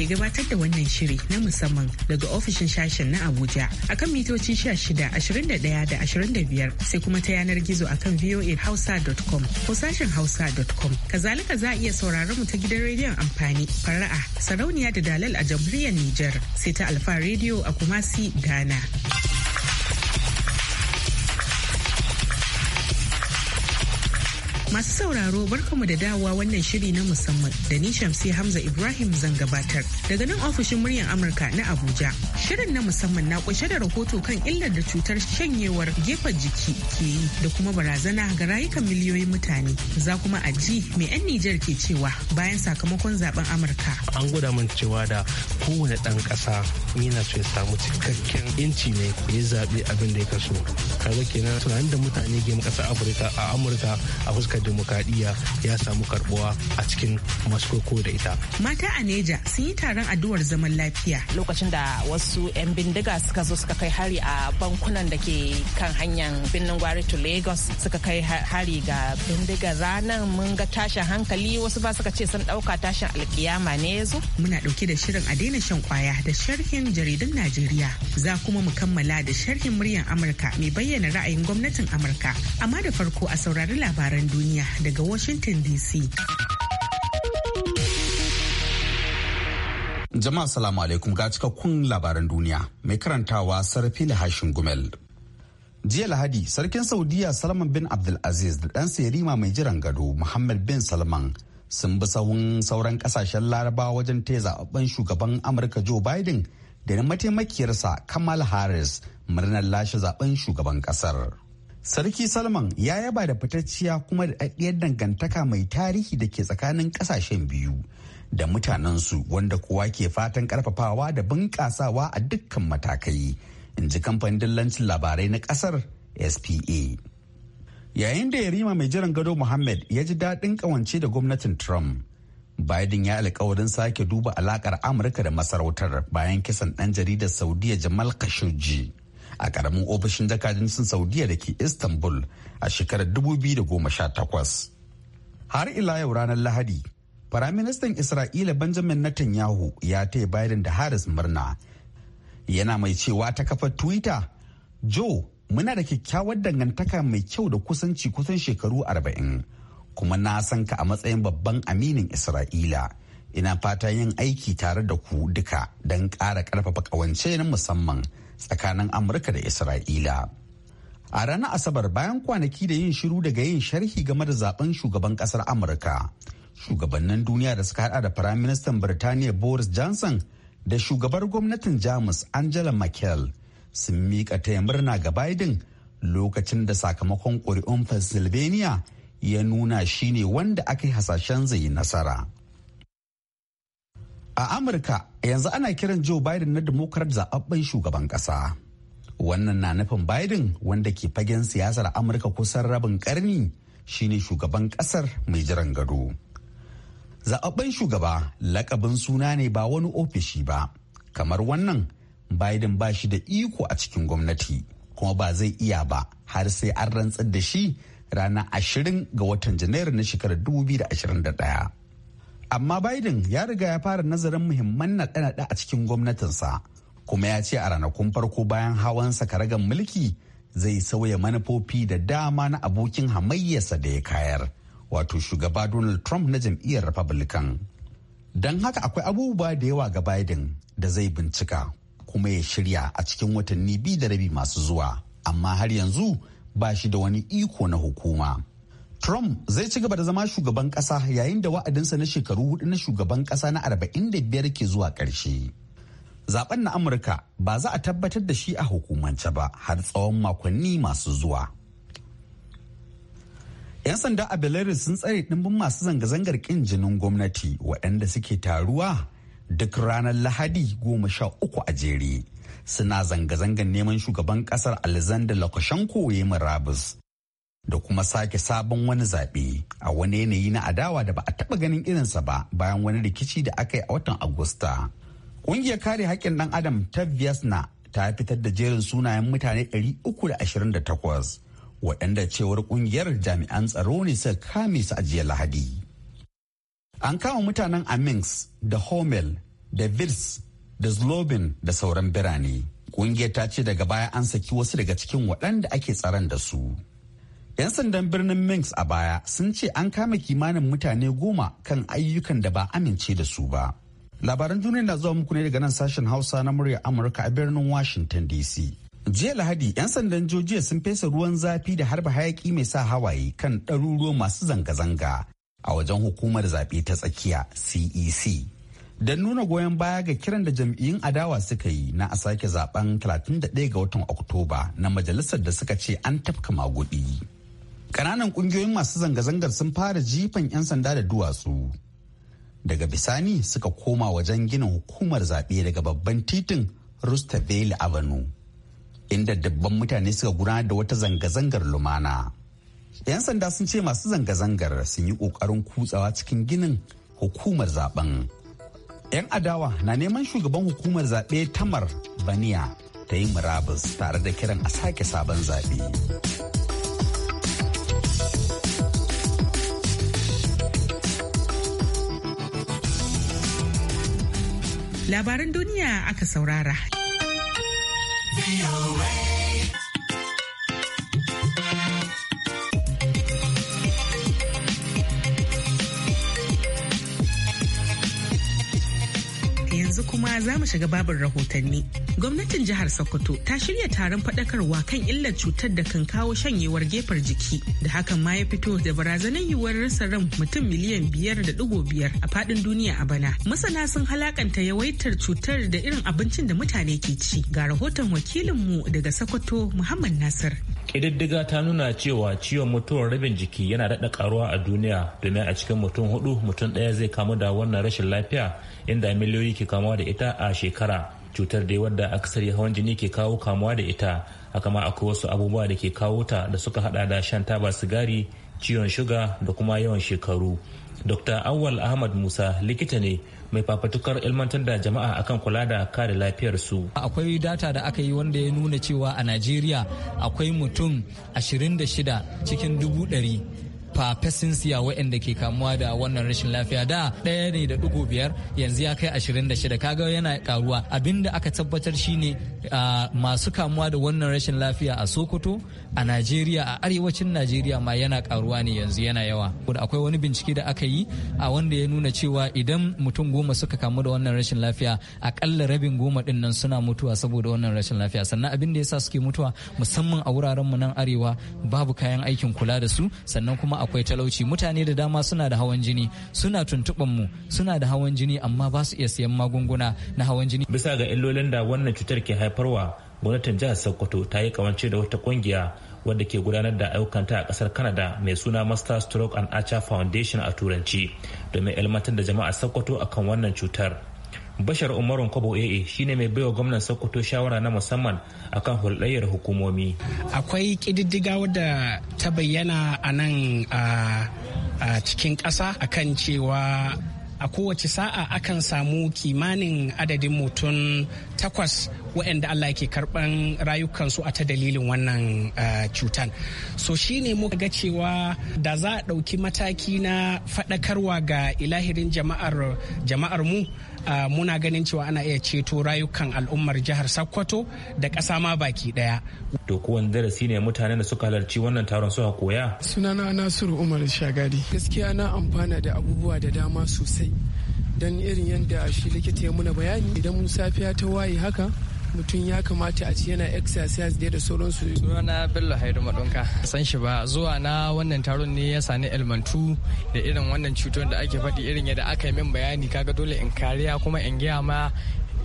ke gabatar da wannan shiri na musamman daga ofishin sashen na Abuja a akan mitoci 16, ashirin da 25 sai kuma ta yanar gizo a kan voahausa.com ko sashen hausa.com. Kazalika za a iya sauraron mu ta gidan rediyon amfani fara'a sarauniya da dalal a jamhuriyar Nijar sai ta Alfa rediyo a Kumasi Ghana. Masu sauraro barkamu da dawowa wannan shiri na musamman da ni Shamsi Hamza Ibrahim zan gabatar daga nan ofishin muryar Amurka na Abuja. Shirin na musamman na kunshe da rahoto kan illar da cutar shanyewar gefen jiki ke yi da kuma barazana ga rayukan miliyoyin mutane. Za kuma a ji mai 'yan Nijar ke cewa bayan sakamakon zaben Amurka. An gwada min cewa da kowane ɗan ƙasa yana so ya samu cikakken inci ne ya zaɓi abin da ya kaso. Kaga kenan tunanin da mutane ke ƙasar Afirka a Amurka a fuskar dimokuraɗiyya ya samu karbuwa a cikin maskoko da ita. Mata a Neja sun yi taron addu'ar zaman lafiya. Lokacin da wasu 'yan bindiga suka zo suka kai hari a bankunan da ke kan hanyar birnin gwari to Lagos suka kai hari ga bindiga ranar mun ga tashin hankali wasu ba suka ce sun ɗauka tashin alkiyama ne ya zo. Muna ɗauke da shirin a daina shan kwaya da sharhin jaridun Najeriya. Za kuma mu kammala da sharhin muryar Amurka mai bayyana ra'ayin gwamnatin Amurka. Amma da farko a saurari labaran duniya. duniya daga Washington DC. Jama'a salamu alaikum ga cikakkun labaran duniya mai karantawa sarfila hashin gumel. Jiya Lahadi, Sarkin Saudiya Salman bin Abdulaziz da ɗansa Yarima mai jiran gado Muhammad bin Salman sun bi sahun sauran kasashen larabawa wajen taya zaɓen shugaban Amurka Joe Biden da na mataimakiyarsa Kamal Harris murnar lashe zaɓen shugaban kasar. Sarki Salman ya yaba da fitacciya kuma da ɗaɗɗiyar dangantaka mai tarihi da ke tsakanin ƙasashen biyu da mutanensu wanda kowa ke fatan ƙarfafawa da bunƙasawa a dukkan matakai, in ji kamfanin dillancin labarai na ƙasar SPA. Yayin da yarima mai jiran gado Muhammad ya ji daɗin ƙawance da gwamnatin Trump, Biden ya alkawarin sake duba alaƙar Amurka da masarautar bayan kisan ɗan jaridar Saudiya Jamal Khashoggi. a karamin ofishin jakadancin saudiya da ke istanbul a shekarar 2018 har ila yau ranar lahadi firaministan isra'ila benjamin netanyahu ya taya biden da Haris murna yana mai cewa ta kafar twitter joe muna da kyakkyawar dangantaka mai kyau da kusanci kusan shekaru arba'in kuma na san ka a matsayin babban aminin isra'ila ina fata yin aiki tare da ku duka don kara ƙarfafa ƙawance na musamman tsakanin amurka da isra'ila a ranar asabar bayan kwanaki da yin shiru daga yin sharhi game da zaben shugaban kasar amurka shugabannin duniya da suka hada da firaministan birtaniya boris johnson da shugabar gwamnatin jamus angela merkel sun miƙa taya murna ga biden lokacin da sakamakon ƙuri'un pennsylvania ya nuna shine wanda aka yi hasashen zai yi nasara A Amurka yanzu ana kiran Joe Biden na demokrat zaɓaɓɓen shugaban ƙasa. Wannan na nufin Biden wanda ke fagen siyasar Amurka kusan rabin ƙarni shine shugaban ƙasar mai jiran gado. Zaɓaɓɓen shugaba lakabin suna ne ba wani ofishi ba. Kamar wannan Biden ba shi da iko a cikin gwamnati kuma ba zai iya ba har sai an rantsar da shi ranar ashirin ga watan Janairu na shekarar 2021. amma biden ya riga ya fara nazarin muhimman naɗe-naɗe a cikin gwamnatinsa kuma ya ce a ranakun farko bayan hawan karagan mulki zai sauya manufofi da dama na abokin hamayyarsa da ya kayar wato shugaba donald trump na jam'iyyar republican don haka akwai abubuwa da yawa ga biden da zai bincika kuma ya shirya a cikin watanni biyu da rabi masu zuwa amma har yanzu ba shi da wani iko na hukuma. Trump zai ci gaba da zama shugaban kasa yayin da wa'adinsa na shekaru hudu na shugaban kasa na arba'in da biyar ke zuwa ƙarshe. Zaben na Amurka ba za a tabbatar da shi a hukumance ba har tsawon makonni masu zuwa. 'Yan sanda a Belarus sun tsare ɗimbin masu zanga-zangar ƙin jinin gwamnati waɗanda suke taruwa duk ranar Lahadi goma sha uku a jere. Suna zanga-zangar neman shugaban ƙasar Alexander Lukashenko ya yi murabus. da kuma sake sabon wani zaɓe a wani yanayi na adawa da ba a taɓa ganin irinsa ba bayan wani rikici da aka yi a watan agusta ƙungiyar kare haƙƙin ɗan adam ta viasna ta fitar da jerin sunayen mutane 328 waɗanda cewar ƙungiyar jami'an tsaro ne suka kame su a lahadi an kama mutanen amins da homel da vils da zlobin da sauran birane ƙungiyar ta ce daga baya an saki wasu daga cikin waɗanda ake tsaron da su 'Yan sandan birnin Minsk a baya sun ce an kama kimanin mutane goma kan ayyukan da ba amince da su ba. Labaran duniya na zuwa muku ne daga nan sashen Hausa na murya Amurka a birnin Washington DC. Jiya Lahadi, 'yan sandan georgia sun fesa ruwan zafi da harba hayaki mai sa hawaye kan ɗaruruwan masu zanga-zanga a wajen hukumar zaɓe ta tsakiya CEC. E Don nuna goyon baya ga kiran da jam'iyyun adawa suka yi na a sake zaben 31 ga watan Oktoba na majalisar da suka ce an tafka magudi. Ƙananan ƙungiyoyin masu zanga-zangar sun fara jifan 'yan sanda da duwatsu. Daga bisani suka koma wajen gina hukumar zaɓe daga babban titin a Avenue, inda dabban mutane suka gudanar da wata zanga-zangar lumana. 'Yan sanda sun ce masu zanga-zangar sun yi ƙoƙarin kutsawa cikin ginin hukumar zaben. 'Yan adawa na neman shugaban hukumar zaɓe Tamar Baniya ta yi murabus tare da kiran a sake sabon zaɓe. labaran duniya aka saurara. kuma za mu shiga babin rahotanni. Gwamnatin jihar Sokoto ta shirya taron faɗakarwa kan illar cutar da kan kawo shanyewar gefar jiki da hakan ma ya fito da barazanar yiwuwar rasa ran mutum miliyan biyar da ɗigo biyar a faɗin duniya a bana. Masana sun halakanta yawaitar cutar da irin abincin da mutane ke ci. Ga rahoton wakilinmu daga Sokoto Muhammad Nasir. Ƙididdiga ta nuna cewa ciwon mutuwar rabin jiki yana daɗa ƙaruwa a duniya domin a cikin mutum hudu mutum ɗaya zai kamu da wannan rashin lafiya inda miliyoyi ke kamuwa da ita a shekara cutar dai wadda aksari hawan jini ke kawo kamuwa da ita haka ma akwai wasu abubuwa da ke kawo ta da suka hada da shan taba sigari ciwon shuga da kuma yawan shekaru dr awal ahmad musa likita ne mai fafatukar ilmantar da jama'a akan kula da kare lafiyar su. Akwai data da aka yi wanda ya nuna cewa a Najeriya akwai mutum 26 cikin dubu ɗari fafasin siya waɗanda ke kamuwa da wannan rashin lafiya da ɗaya ne da ɗigo biyar yanzu ya kai ashirin da shida kaga yana karuwa abinda aka tabbatar shine masu kamuwa da wannan rashin lafiya a sokoto a najeriya a arewacin najeriya ma yana karuwa ne yanzu yana yawa akwai wani bincike da aka yi a wanda ya nuna cewa idan mutum goma suka kamu da wannan rashin lafiya akalla rabin goma din nan suna mutuwa saboda wannan rashin lafiya sannan abin da sa suke mutuwa musamman a wuraren mu nan arewa babu kayan aikin kula da su sannan kuma akwai talauci mutane da dama suna da hawan jini suna tuntuɓan mu suna da hawan jini amma ba su iya siyan magunguna na hawan jini bisa ga illolin da wannan cutar ke haifarwa gwamnatin jihar sokoto ta yi kawance da wata kungiya wadda ke gudanar da ayyukanta a kasar canada mai suna master stroke and archer foundation a turanci domin ilmantar da jama'a sokoto akan wannan cutar bashar umaru kwabo aa shine mai baiwa gwamnan sokoto shawara na musamman akan hulɗayyar hukumomi akwai ƙididdiga wadda ta bayyana a nan a cikin ƙasa akan cewa a kowace sa'a akan samu kimanin adadin mutum takwas waɗanda Allah ke karɓan rayukansu a ta dalilin wannan cutan. So shine muka ga cewa da za a ɗauki mataki na faɗakarwa ga ilahirin jama'ar mu muna ganin cewa ana iya ceto rayukan al'ummar jihar Sokoto da ƙasa ma baki ɗaya. To ko darasi ne mutane da suka halarci wannan taron suka koya? Sunana Nasiru Umar Shagadi. Gaskiya na amfana da abubuwa da dama sosai. Dan irin yadda shi likita ya muna bayani idan musafiya ta waye haka mutum ya kamata a ci yana exercise dai da sauransu na bello haidu madonka san shi ba zuwa na wannan taron ne ya sani ilmantu da irin wannan cutar da ake faɗi irin yadda aka yi min bayani kaga dole in kariya kuma in gaya ma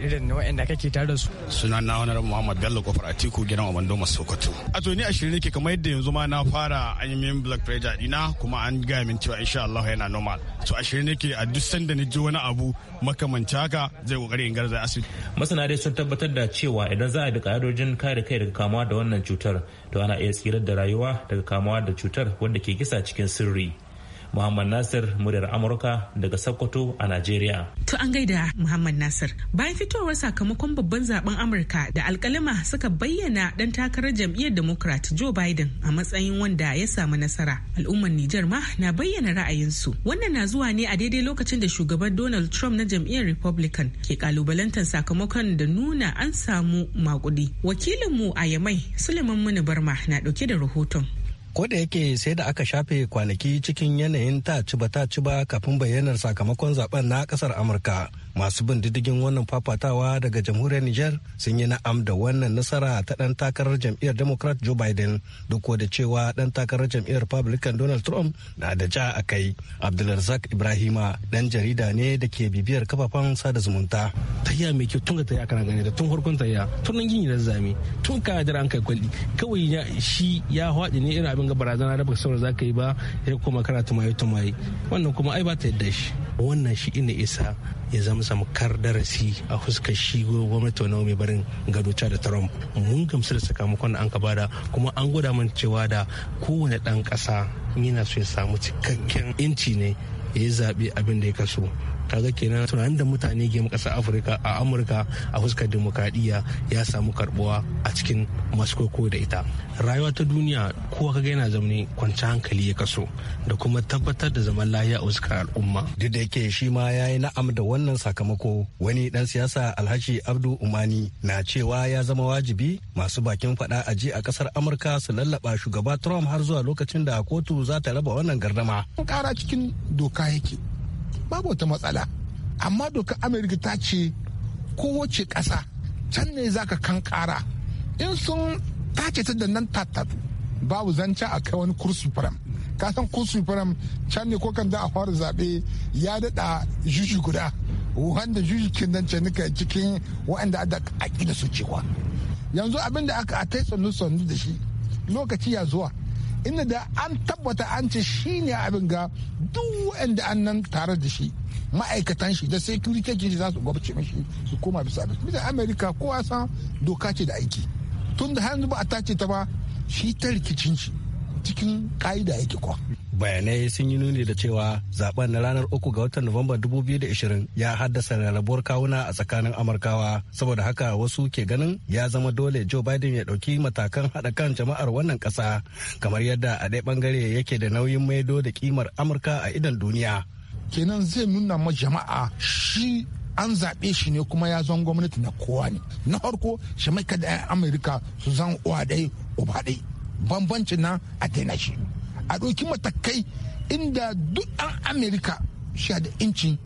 irin na wa'anda kake tare da su suna na wani muhammad bello kofar atiku gidan amando masu sokoto a to ni a shirin ke kamar yadda yanzu ma na fara an yi min blood pressure dina kuma an gaya min cewa insha Allah yana normal to a shirin ke a duk sanda ni ji wani abu makamanci haka zai kokari in garza asibiti masana dai sun tabbatar da cewa idan za a bi ka'idojin kare kai daga kamuwa da wannan cutar to ana iya tsirar da rayuwa daga kamuwa da cutar wanda ke kisa cikin sirri Muhammad Nasir muryar Amurka daga Sokoto a Najeriya. To an gaida Muhammad Nasir. Bayan fitowar sakamakon babban zaben Amurka da alkalima suka bayyana dan takarar jam'iyyar Democrat Joe Biden a matsayin wanda ya samu nasara. Al'ummar Nijar ma na bayyana ra'ayinsu. Wannan na zuwa ne a daidai lokacin da shugaban Donald Trump na jam'iyyar Republican ke kalubalantar sakamakon da nuna an samu makudi. Wakilinmu a Yamai Suleiman Muni na dauke da rahoton. ko da yake sai da aka shafe kwanaki cikin yanayin ta ci ba ta ci ba kafin bayyanar sakamakon zaben na kasar amurka masu bin diddigin wannan fafatawa daga jamhuriyar Nijar sun yi na'am da wannan nasara ta dan takarar jam'iyyar Democrat Joe Biden duk da cewa dan takarar jam'iyyar Republican Donald Trump na da ja a kai. Abdulrazak Ibrahima dan jarida ne da ke bibiyar kafafen sada zumunta. Tayya mai kyau tun ga tayya kana gane da tun farkon tayya tun nan gini da zami tun ka da an kai kwalli kawai shi ya haɗe ne irin abin ga barazana da baka saura yi ba ya kuma kana mai tumai wannan kuma ai ba ta yadda shi wannan shi ina isa ya zama zamkar darasi a fuskar shi gwamnati wani mai barin gadoca da trump mun gamsu da sakamakon da an ka bada kuma an gwada min cewa da kowane dan kasa yana so ya samu cikakken inci ne ya yi zaɓe abin da ya kaso kaga kenan tunanin da mutane ke kasar afirka a amurka a fuskar demokradiyya ya samu karbuwa a cikin masu da ita rayuwa ta duniya kowa kaga yana zaune kwanci hankali ya kaso da kuma tabbatar da zaman lahiya a fuskar al'umma duk da yake shi ma ya yi na'am da wannan sakamako wani dan siyasa alhaji abdu umani na cewa ya zama wajibi masu bakin faɗa a je a kasar amurka su lallaba shugaba trump har zuwa lokacin da kotu za ta raba wannan gardama. kara cikin doka yake babu wata matsala amma doka amerika ta ce kowace ƙasa can ne za ka kan ƙara in sun tace ta da nan tattatu babu zanca a kai wani kursu faram ka san kursu faram can ne ko kan da a fara zaɓe ya daɗa juju guda wanda juju kin can nika cikin waɗanda da aƙida su cewa yanzu abin da aka a tai sannu da shi lokaci ya zuwa inda da an tabbata an ce shi ne abin ga duk wanda an nan tare da shi ma'aikatan shi da security ke za su gwabce mashi su koma bisa abin bisa america ko san doka ce da aiki tun da hannu ba a tace ta ba shi ta rikicin shi cikin ka'ida yake kwa bayanai sun yi nuni da cewa zaben na ranar 3 ga watan nuwamba 2020 ya haddasa rarrabuwar kawuna a tsakanin amurkawa saboda haka wasu ke ganin ya zama dole joe biden ya ɗauki matakan haɗa kan jama'ar wannan ƙasa kamar yadda a ɗaya ɓangare yake da nauyin maido da kimar amurka a idan duniya kenan zai nuna ma jama'a shi an zaɓe shi ne kuma ya zan gwamnati na kowa ne na farko shi da 'yan amurka su zan uwa dai uba dai bambancin na a daina shi a ɗauki matakai inda duk an amerika sha da incin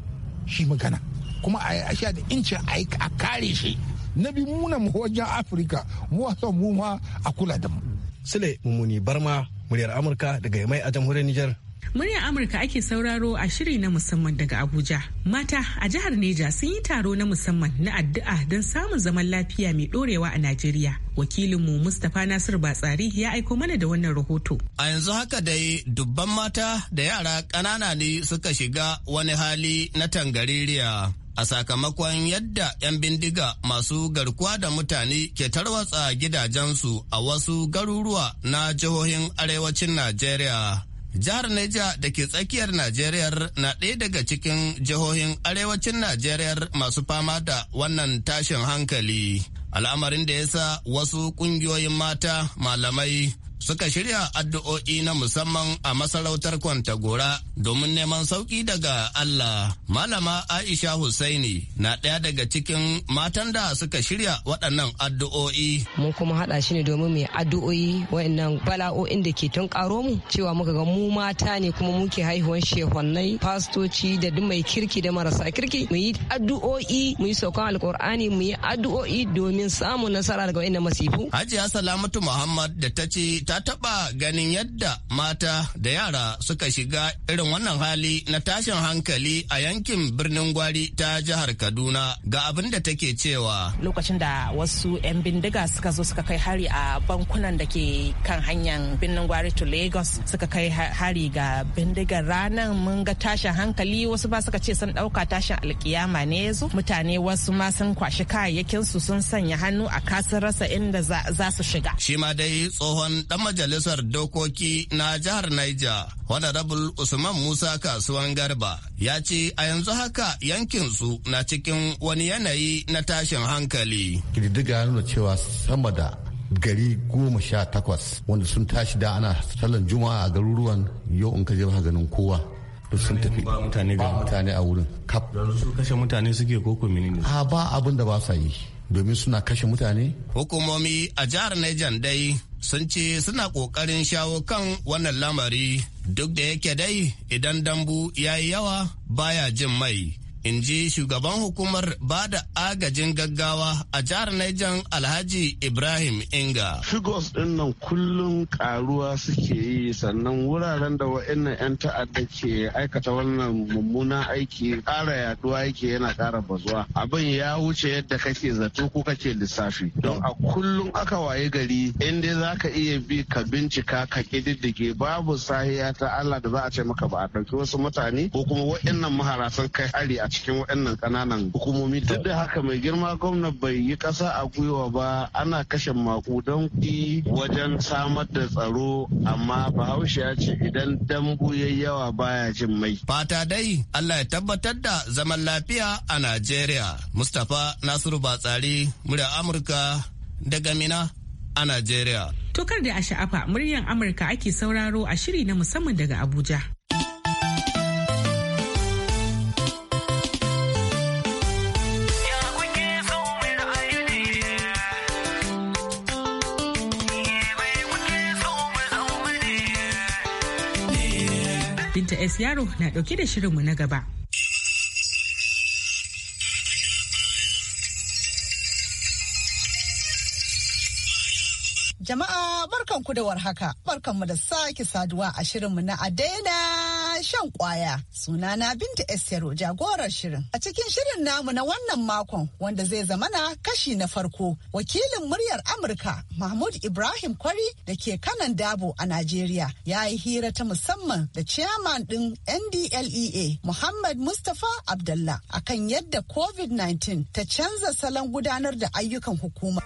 shi magana kuma a sha da incin a kare shi na bi muna wajen afirka mu wasan mu ma a kula da mu sule mummuni barma muryar amurka daga mai a jamhuriyar Nijar. Muryar Amurka ake sauraro a shiri na musamman daga Abuja. Mata a jihar Neja sun yi taro na musamman na addu'a don samun zaman lafiya mai dorewa a Najeriya. Wakilinmu Mustapha Nasir Batsari ya aiko mana da wannan rahoto. A yanzu haka dai dubban mata da yara ƙanana ne suka shiga wani hali na tangaririya. a sakamakon yadda 'yan bindiga masu garkuwa da mutane ke tarwatsa gidajensu a wasu garuruwa na jihohin arewacin Najeriya. Jihar Neja da ke tsakiyar Najeriya na ɗaya daga cikin jihohin arewacin Najeriya masu fama da wannan tashin hankali. Al'amarin da ya sa wasu ƙungiyoyin mata, malamai, suka shirya addu'o'i na musamman a masarautar Kwantagora domin neman sauki daga Allah. Malama Aisha Hussaini na ɗaya daga cikin matan da suka shirya waɗannan addu'o'i. Mun kuma haɗa shi ne domin mai addu'o'i waɗannan bala'o'in da ke tun ƙaro mu cewa muka ga mu mata ne kuma muke haihuwan shehonnai fastoci da duk mai kirki da marasa kirki mu yi addu'o'i mu yi saukan alƙur'ani mu yi addu'o'i domin samun nasara daga waɗannan masifu. Hajiya Salamatu Muhammad da ta ce ta taɓa ganin yadda mata da yara suka shiga irin wannan hali na tashin hankali a yankin birnin gwari ta jihar Kaduna ga abin da take cewa. Lokacin da wasu 'yan bindiga suka zo suka kai hari a bankunan da ke kan hanyar birnin gwari to Lagos suka kai hari ga bindigar ranar mun ga tashin hankali wasu ba suka ce sun ɗauka tashin alkiyama ne yazo mutane wasu ma sun kwashi su sun sanya hannu a kasar rasa inda za su shiga. Shi ma dai tsohon dan. dan majalisar dokoki na jihar Niger, rabul Usman Musa Kasuwan Garba, ya ce a yanzu haka yankinsu na cikin wani yanayi na tashin hankali. Kididdiga nuna cewa sama da gari goma sha takwas wanda sun tashi da ana sallan juma'a a garuruwan yau in ka je ba ganin kowa duk sun tafi ba mutane a wurin kap su kashe mutane suke koko menene a ba abin da ba sa yi domin suna kashe mutane hukumomi a jihar Niger dai sun ce suna ƙoƙarin shawo kan wannan lamari duk da yake dai idan dambu ya yi yawa baya jin mai in ji shugaban hukumar ba da agajin gaggawa a jihar Niger Alhaji Ibrahim Inga. Figos ɗin nan kullum karuwa suke yi sannan wuraren da wa'annan 'yan ta'adda ke aikata wannan mummunan aiki ƙara yaduwa yake yana ƙara bazuwa. Abin ya wuce yadda kake zato ko kake lissafi. Don a kullum aka waye gari in dai za ka iya bi ka bincika ka ƙididdige babu sahiya ta Allah da za a ce maka ba a ɗauki wasu mutane ko kuma wa'annan mahara kai hari a cikin waɗannan ƙananan hukumomi duk da haka mai girma gwamnan bai yi ƙasa a gwiwa ba ana kashe makudan kuɗi wajen samar da tsaro amma bahaushe ya ce idan dambu ya yawa baya jin mai. fata dai allah ya tabbatar da zaman lafiya a najeriya mustapha nasiru batsari murya amurka daga mina a najeriya. tokar da a sha'afa muryan amurka ake sauraro a shiri na musamman daga abuja. Binta S Yaro na dauke da shirinmu na gaba. Jama'a barkan ku da warhaka, mu da sake saduwa a shirin mu na Adena shan kwaya. Sunana Binta Estero jagorar shirin. A cikin shirin namu na wannan makon wanda zai zama na kashi na farko, wakilin muryar Amurka Mahmud Ibrahim Kwari da ke kanan dabo a Najeriya ya yi hira ta musamman da chairman ɗin NDLEA Muhammad Mustapha Abdullah akan yadda COVID-19 ta canza salon gudanar da ayyukan hukuma.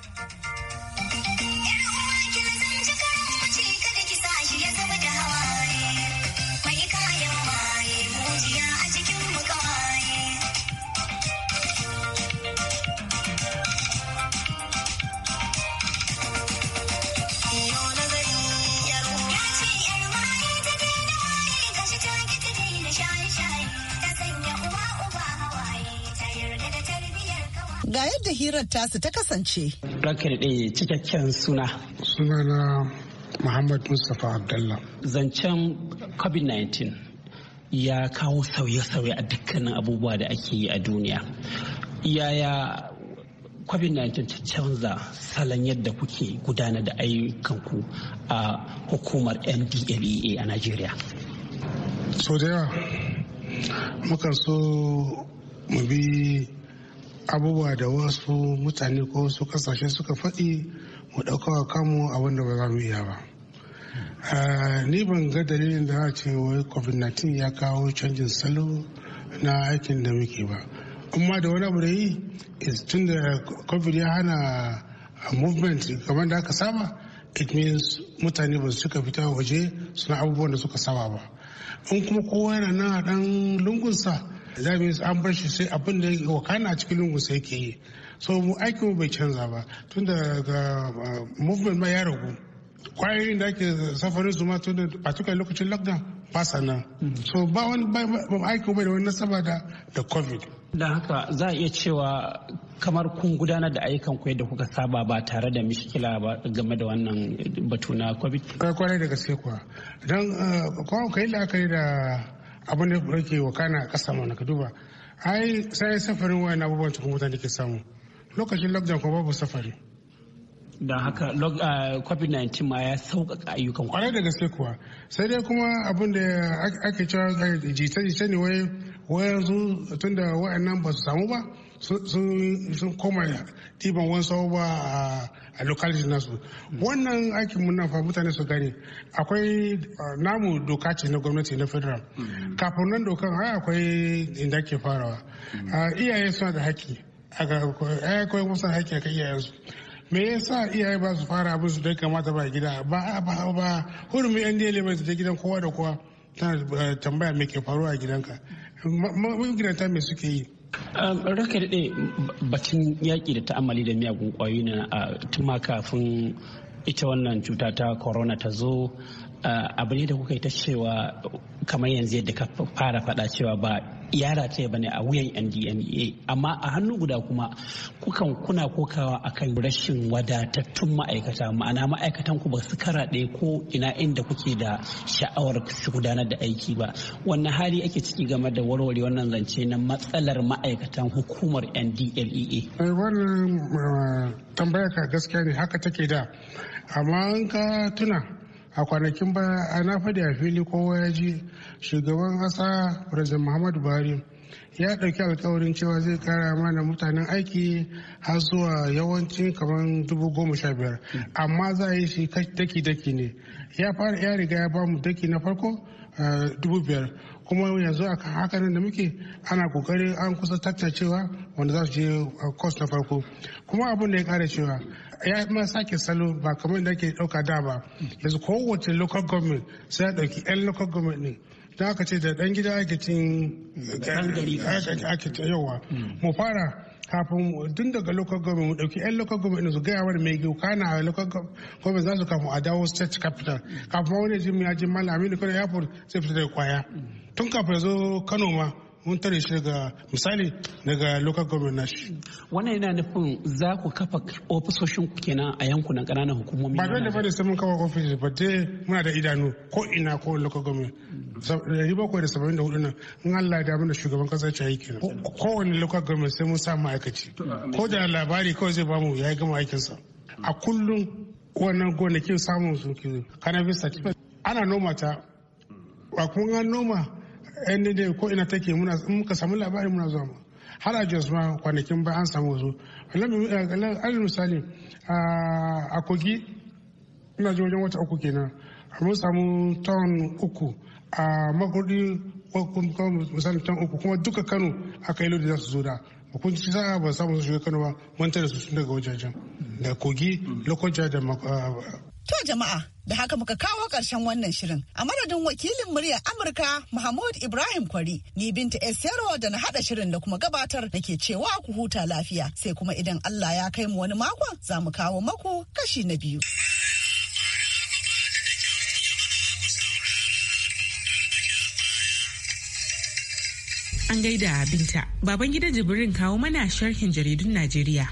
ga yadda hirar tasu ta kasance. Ranka daɗe cikakken suna. Suna na Muhammad Mustapha Abdullah. Zancen COVID-19 ya kawo sauye-sauye a dukkanin abubuwa da ake yi a duniya. Yaya COVID-19 ta canza salon yadda kuke gudanar da ayyukanku a hukumar MDLEA a Najeriya? So da yawa, mukan so mu bi abubuwa da wasu mutane ko wasu kasashe suka faɗi mu ɗaukawa kamu abin da ba za mu iya ba ni ban ga dalilin da za ce wai covid-19 ya kawo canjin salo na aikin da muke ba amma da wani abu da yi tun da covid ya hana movement kamar da aka saba it means mutane ba suka cika fita waje suna abubuwan da suka saba ba in kuma kowa yana nan a ɗan lungunsa zaɓi an bar shi sai abin da ya wakana a cikin lungu sai ke yi so mu aikin mu bai canza ba tun da uh, movement ma ya ragu kwayoyin da ake safarin su ma tun da particular lokacin lockdown ba sana mm-hmm. so ba wani aiki bai da wani nasaba da covid da haka za a iya cewa kamar kun gudanar da ayyukan ku yadda kuka saba ba tare da mishkila ba game da wannan batu na covid kwarai da gaske kuwa don uh, kawai kai la'akari da abin da yake wakana a ƙasa mana ka duba ai sai safarin wayan abubuwan cikin mutane ke samu lokacin lockdown ko babu safari don haka ah, covid-19 ma ya sauƙaƙa ayyukan kwarai da gaske kuwa sai dai kuma abin da ake cewa eh, jita-jita ne wai wayan su tun da nan ba su samu ba sun koma ɗiban wani sau ba a locality nasu wannan aikin muna fa mutane su gani akwai ah, namu doka ce na gwamnati na federal mm. kafin nan dokan ai akwai inda ke farawa mm. ah, iyaye suna da haƙƙi akwai musan haƙƙi akan iyayensu me yasa iyaye ba su fara abin su da kamata ba gida ba ba ba hurumi yan dele mai su gidan kowa da kowa tana ah, tambaya me ke faruwa a gidanka gidanta me suke yi Um, Raka daɗe batun yaƙi da ta'amali da miyagun ƙwayoyi na uh, tuma kafin ita wannan cuta ta corona ta zo abu ne da kuka yi ta cewa kamar yanzu yadda ka fara faɗa cewa ba yara ce bane a wuyan ndna amma a hannu guda kuma kukan kuna kokawa akan rashin wadatattun ma'aikata ma'ana ma'aikatan ku ba su karaɗe ko ina inda kuke da sha'awar su gudanar da aiki ba wannan hali ake ciki game da warware wannan zance na matsalar ma'aikatan hukumar ndlea eh, wannan eh, tambaya ka gaskiya ne haka take da amma ka tuna a kwanakin baya na fadi a fili kowa ya ji shugaban ƙasa president muhammadu buhari ya ɗauki alkawarin cewa zai kara mana mutanen aiki har zuwa yawancin kamar dubu goma sha biyar amma za a yi shi daki-daki ne ya fara ya riga ya bamu daki na farko eh, dubu biyar kuma yanzu a hakanan da muke ana kokari an kusa tattacewa wanda za su je kos eh, na farko kuma abin da ya kara cewa ya ma sake salo ba kamar da ke ɗauka da ba yanzu kowace local government sai ya ɗauki 'yan local government ne da aka ce da dan gida ake cin ake yawa hmm. mu fara kafin tun daga local government mu dauki yan local government su gaya wani mai gauka na local government za su kafin a dawo state capital kafin wani jimmi ya ji malami ne ya fi sai fita daga kwaya hmm. tun kafin zo kano ma mun tare shi daga misali daga local government nashi wannan yana nufin za ku kafa ofisoshin ku kenan a yankunan ƙananan hukumomi ba dole bane sai mun kafa ofis ba dai muna da idanu ko ina ko local government dari bakwai da da hudu nan in Allah ya damu da shugaban kasa ya yi kenan wani local government sai mun sa ma'aikaci ko da labari kawai zai bamu ya gama aikinsa a kullum wannan gonakin samun su kana bisa ana noma ta a kuma noma yan da ko ina take muna muka samu labari muna zuwa mu har a jos ma kwanakin ba an samu zo eh, alal misali a kogi ina ji wajen wata uku kenan mun samu ton uku a makurdi misali ton uku kuma duka kano aka yi lodi za su zo da kun ci sa'a ba samu su shiga kano ba mun tare su sun daga wajajen da kogi lokacin da eh, To jama'a da haka muka kawo ƙarshen wannan shirin a madadin wakilin muryar Amurka Mahmud Ibrahim Kwari ni binta Esero da na haɗa shirin da kuma gabatar da ke cewa ku huta lafiya sai kuma idan Allah ya kai mu wani makon za mu kawo maku kashi na biyu. An gaida binta, baban gidan jibirin kawo mana sharhin jaridun Najeriya.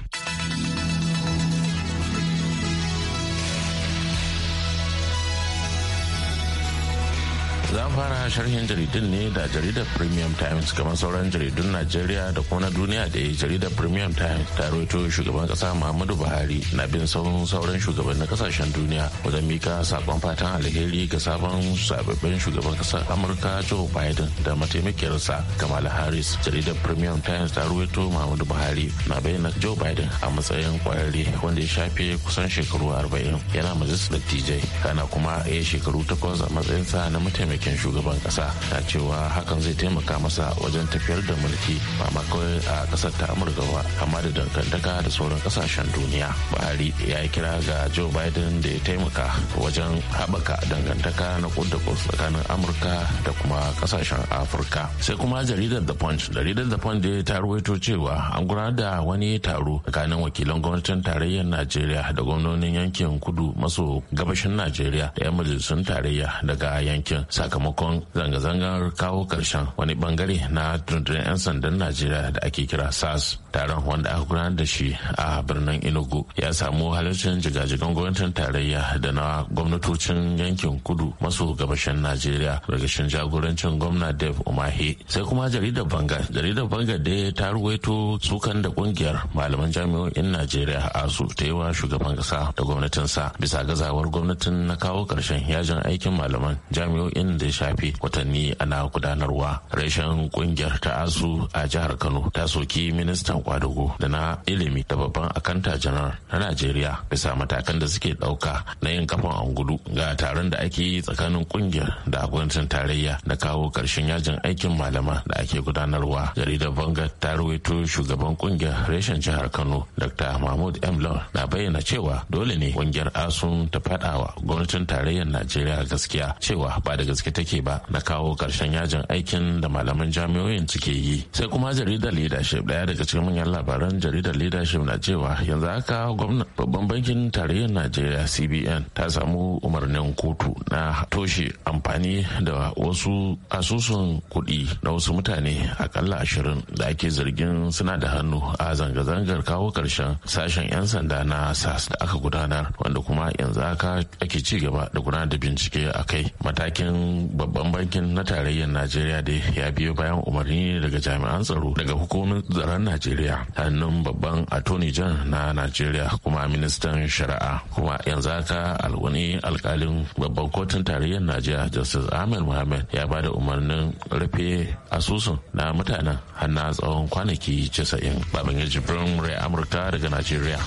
sharhin jaridun ne da jaridar premium times kamar sauran jaridun najeriya da kuma na duniya da jaridar premium times ta roto shugaban kasa muhammadu buhari na bin sauran shugaban na kasashen duniya wajen mika sakon fatan alheri ga sabon sababbin shugaban kasar amurka joe biden da mataimakiyarsa kamala harris jaridar premium times ta roto muhammadu buhari na bayyana joe biden a matsayin kwararre wanda ya shafe kusan shekaru arba'in yana majalisar dattijai kana kuma a shekaru takwas a matsayinsa na mataimakin shugaban kasa ta cewa hakan zai taimaka masa wajen tafiyar da mulki ba ma kawai a ƙasar ta amurka ba amma da dangantaka da sauran kasashen duniya buhari ya yi kira ga joe biden da ya taimaka wajen haɓaka dangantaka na kudda da tsakanin amurka da kuma kasashen afirka sai kuma jaridar the punch jaridar the punch dai ta ruwaito cewa an gudanar da wani taro tsakanin wakilan gwamnatin tarayyar najeriya da gwamnonin yankin kudu maso gabashin najeriya da 'yan majalisun tarayya daga yankin sakamakon zanga-zangar kawo karshen wani bangare na rundunar 'yan sandan najeriya da ake kira sas taron wanda aka gudanar da shi a birnin enugu ya samu halarcin jigajigan gwamnatin tarayya da na gwamnatocin yankin kudu maso gabashin najeriya ragashin jagorancin gwamna dev umahi sai kuma jaridar banga jaridar banga da ta ruwaito sukan da kungiyar malaman jami'o'in najeriya a su ta yi wa shugaban kasa da gwamnatinsa bisa gazawar gwamnatin na kawo karshen yajin aikin malaman jami'o'in da ya shafi watanni ana gudanarwa rashin kungiyar ta asu a jihar kano ta soki ministan kwadugo da na ilimi da babban akanta janar na najeriya bisa matakan da suke dauka na yin kafan angulu ga taron da ake yi tsakanin kungiyar da gwamnatin tarayya da kawo karshen yajin aikin malama da ake gudanarwa jaridar banga ta ruwaito shugaban kungiyar reshen jihar kano dr mahmud m na bayyana cewa dole ne kungiyar asun ta faɗawa gwamnatin tarayyar najeriya gaskiya cewa ba da gaske take ba na kawo karshen yajin aikin da malaman jami'o'in suke yi sai kuma jaridar leadership daya daga cikin manyan labaran jaridar leadership na cewa yanzu haka gwamnan babban bankin tarayyar najeriya cbn ta samu umarnin kotu na toshe amfani da wasu asusun kuɗi na wasu mutane akalla ashirin da ake zargin suna da hannu a zanga-zangar kawo karshen sashen 'yan sanda na sas da aka gudanar wanda kuma yanzu haka ake ci gaba da gudanar da bincike a kai matakin babban bankin na tarayyar najeriya da ya biyo bayan umarni daga jami'an tsaro daga hukumomin tsaron najeriya hannun babban attorney general na najeriya kuma ministan shari'a kuma yanzu haka alwani alkalin babban kotun tarayyar najeriya justice ahmed muhammad ya ba da umarnin rufe asusun na mutanen hannun tsawon kwanaki 90 babban yaji jibrin rai amurka daga najeriya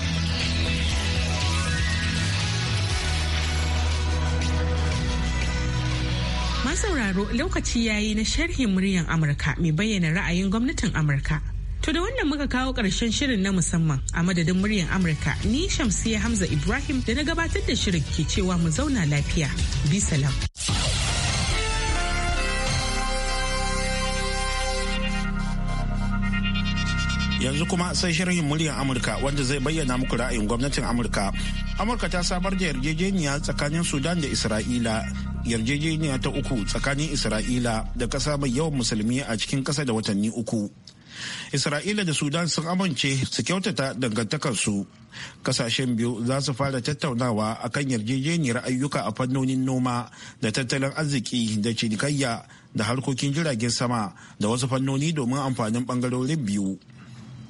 sauraro lokaci yayi na sharhin muryar Amurka mai bayyana ra'ayin gwamnatin Amurka. To da wannan muka kawo ƙarshen shirin na musamman a madadin muryar Amurka ni Shamsiya Hamza Ibrahim da na gabatar da shirin ke cewa mu zauna lafiya. Bi salam. Yanzu kuma sai shirin muryar Amurka wanda zai bayyana muku ra'ayin gwamnatin Amurka. Amurka ta samar da yarjejeniya tsakanin Sudan da Isra'ila yarjejeniya ta uku tsakanin isra'ila da ƙasa mai yawan musulmi a cikin ƙasa da watanni uku isra'ila da sudan sun amince su kyautata dangantakarsu kasashen biyu za su fara tattaunawa akan yarjejeniyar ayyuka a fannonin noma da tattalin arziki da cinikayya da harkokin jiragen sama da wasu fannoni domin amfanin bangarorin biyu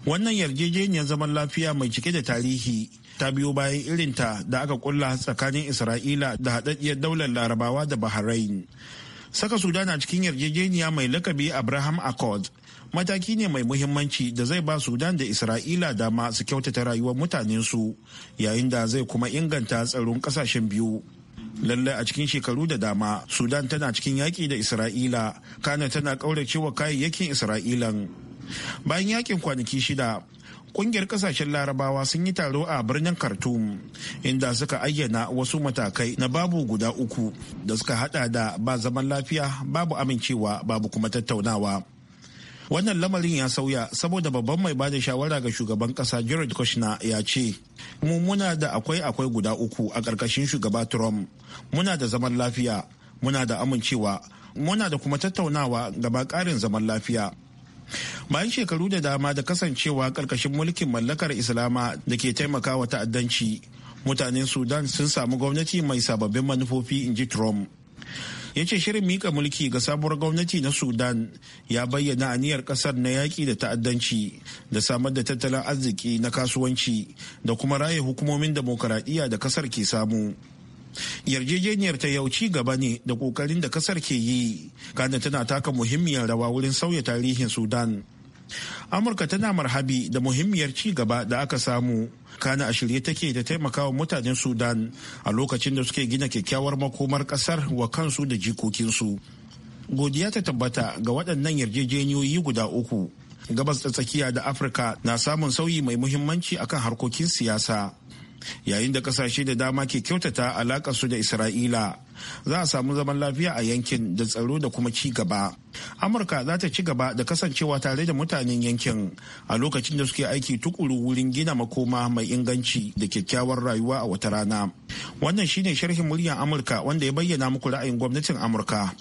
wannan yarjejeniyar zaman lafiya mai cike da tarihi ta biyo bayan irinta da aka kulla tsakanin isra'ila da haɗaɗɗiyar daular larabawa da bahrain saka sudan a cikin yarjejeniya mai lakabi abraham accord mataki ne mai muhimmanci da zai ba sudan da isra'ila dama su kyautata rayuwar mutanensu yayin da zai kuma inganta tsaron kasashen biyu lalle a cikin shekaru da dama sudan tana cikin yaƙi da isra'ila kana tana ƙauracewa kayayyakin isra'ilan bayan yaƙin kwanaki shida kungiyar kasashen larabawa sun yi taro a birnin khartoum inda suka ayyana wasu matakai na babu guda uku da suka hada da ba zaman lafiya babu amincewa babu kuma tattaunawa wannan lamarin ya sauya saboda babban mai bada shawara ga shugaban kasa jared kushner ya ce mu muna da akwai akwai guda uku a ƙarƙashin shugaba trump muna da zaman lafiya muna da amincewa muna da kuma tattaunawa gaba ƙarin zaman lafiya bayan shekaru da dama da kasancewa karkashin mulkin mallakar islama da ke taimakawa ta'addanci mutanen sudan sun samu gwamnati mai sababbin manufofi in ji trump ya ce shirin mika mulki ga sabuwar gwamnati na sudan ya bayyana aniyar kasar na yaƙi da ta'addanci da samar da tattalin arziki na kasuwanci da kuma raye hukumomin demokaradiyya da kasar ke samu yarjejeniyar ta ci gaba ne da kokarin da kasar ke yi kana tana taka muhimmiyar rawa wurin sauya tarihin sudan amurka tana marhabi da muhimmiyar ci gaba da aka samu kana a shirye take da taimakawa mutanen sudan a lokacin da suke gina kyakkyawar makomar kasar wa kansu da jikokinsu godiya ta tabbata ga waɗannan yarjejeniyoyi guda uku gabas da tsakiya da afirka na samun sauyi mai muhimmanci akan harkokin siyasa yayin da kasashe da dama ke kyautata su da isra'ila za a samu zaman lafiya a yankin da tsaro da kuma ci gaba amurka za ta ci gaba da kasancewa tare da mutanen yankin a lokacin da suke aiki tukuru wurin gina makoma mai inganci da kyakkyawar rayuwa a wata rana wannan shine sharhin muryar amurka wanda ya bayyana muku ra'ayin gwamnatin amurka.